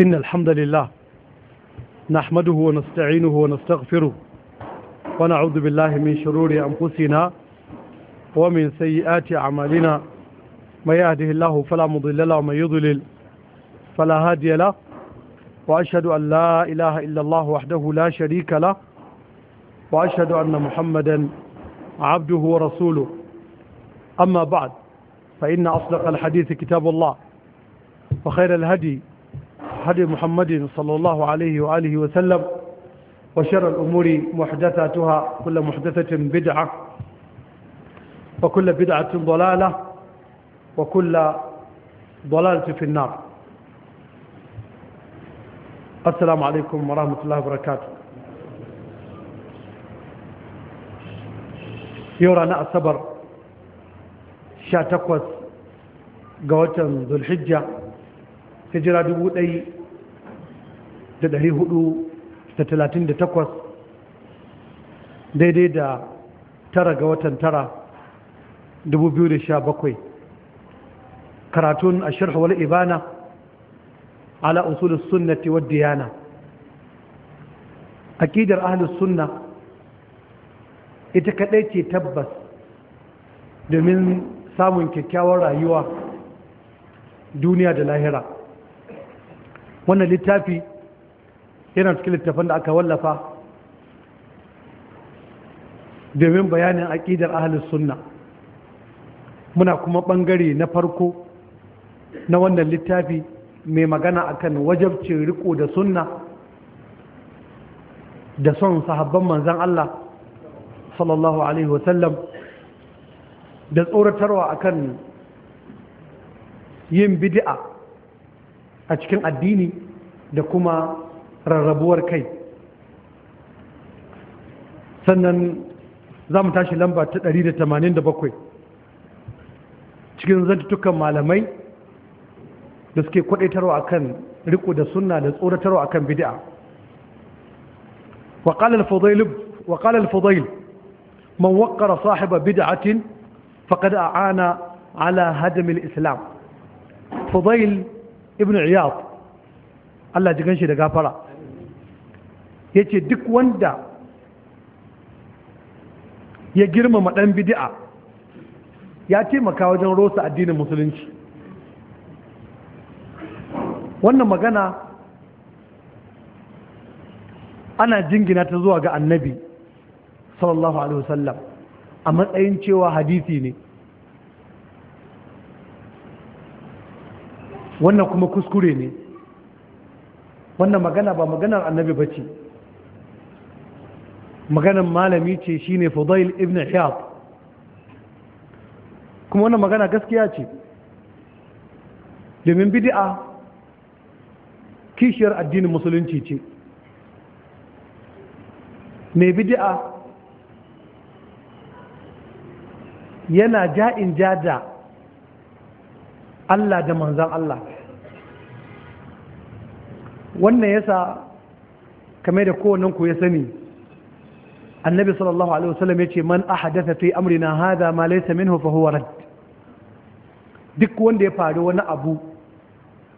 إن الحمد لله نحمده ونستعينه ونستغفره ونعوذ بالله من شرور أنفسنا ومن سيئات أعمالنا ما يهده الله فلا مضل له ومن يضلل فلا هادي له وأشهد أن لا إله إلا الله وحده لا شريك له وأشهد أن محمدا عبده ورسوله أما بعد فإن أصدق الحديث كتاب الله وخير الهدي هدي محمد صلى الله عليه وآله وسلم وشر الأمور محدثاتها كل محدثة بدعة وكل بدعة ضلالة وكل ضلالة في النار السلام عليكم ورحمة الله وبركاته يورانا الصبر 18 قوة ذو الحجة hijira 1438 daidai da tara ga watan tara 2017 karatun a shirha wal ibana ala usulus sunnati wad diyana akidar ahlus sunna ita kadai ce tabbas domin samun kyakkyawar rayuwa duniya da lahira wannan littafi yana cikin littafin da aka wallafa domin bayanin aƙidar ahalus sunna muna kuma ɓangare na farko na wannan littafi mai magana akan wajabcin riko da sunna da son sahabban manzan Allah sallallahu alaihi wasallam da tsoratarwa akan yin bid'a a cikin addini da kuma rarrabuwar kai sannan za mu tashi lamba ta 187 cikin zantukan malamai da suke kwadaitarwa akan riko da sunna da tsoratarwa akan bid'a وقال الفضيل وقال الفضيل من وقر صاحب بدعة فقد أعان على هدم الإسلام فضيل ibn iyad Allah ji ganshi da gafara yace duk wanda ya girmama ɗan bid'a ya taimaka wajen rosa addinin musulunci wannan magana ana jingina ta zuwa ga annabi sallallahu alaihi wasallam a matsayin cewa hadisi ne wannan kuma kuskure ne wannan magana ba maganar annabi ba ce maganar malami ce shine fudail ibn hiyab kuma wannan magana gaskiya ce domin bidi'a kishiyar addinin musulunci ce mai bidi'a yana ja'in jada Allah da manzan Allah wannan yasa kame da kowannen ku ya sani annabi sallallahu alaihi wasallam ya ce man ahadatha fi amrina hadha ma laysa minhu fa huwa duk wanda ya faru wani abu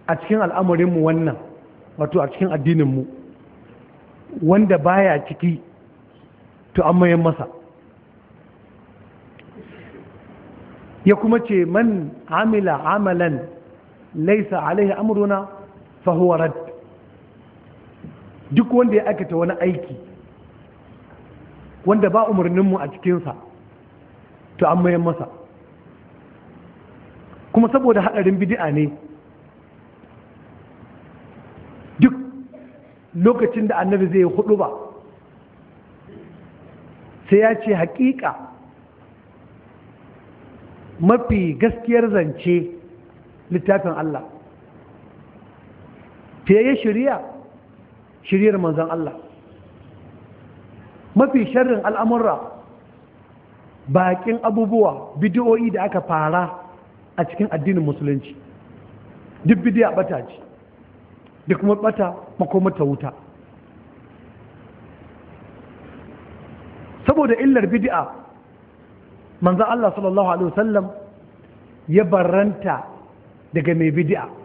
a cikin al'amarin mu wannan wato a cikin addinin mu wanda baya ciki to an mayan masa ya kuma ce man amila amalan laisa alaihi amruna fa huwa duk wanda ya aikata wani aiki wanda ba umarninmu a cikinsa to an mayan masa kuma saboda haɗarin bidi'a ne duk lokacin da annabi zai hudu ba sai ya ce haƙiƙa mafi gaskiyar zance littafin Allah fiye shirya shiryar manzan Allah mafi sharrin al'amurra baƙin abubuwa bidiyoyi da aka fara a cikin addinin musulunci duk bidiyar bata ce duk kuma bata makomata wuta saboda illar bidi'a manzan Allah sallallahu alaihi wasallam ya barranta daga mai bid'a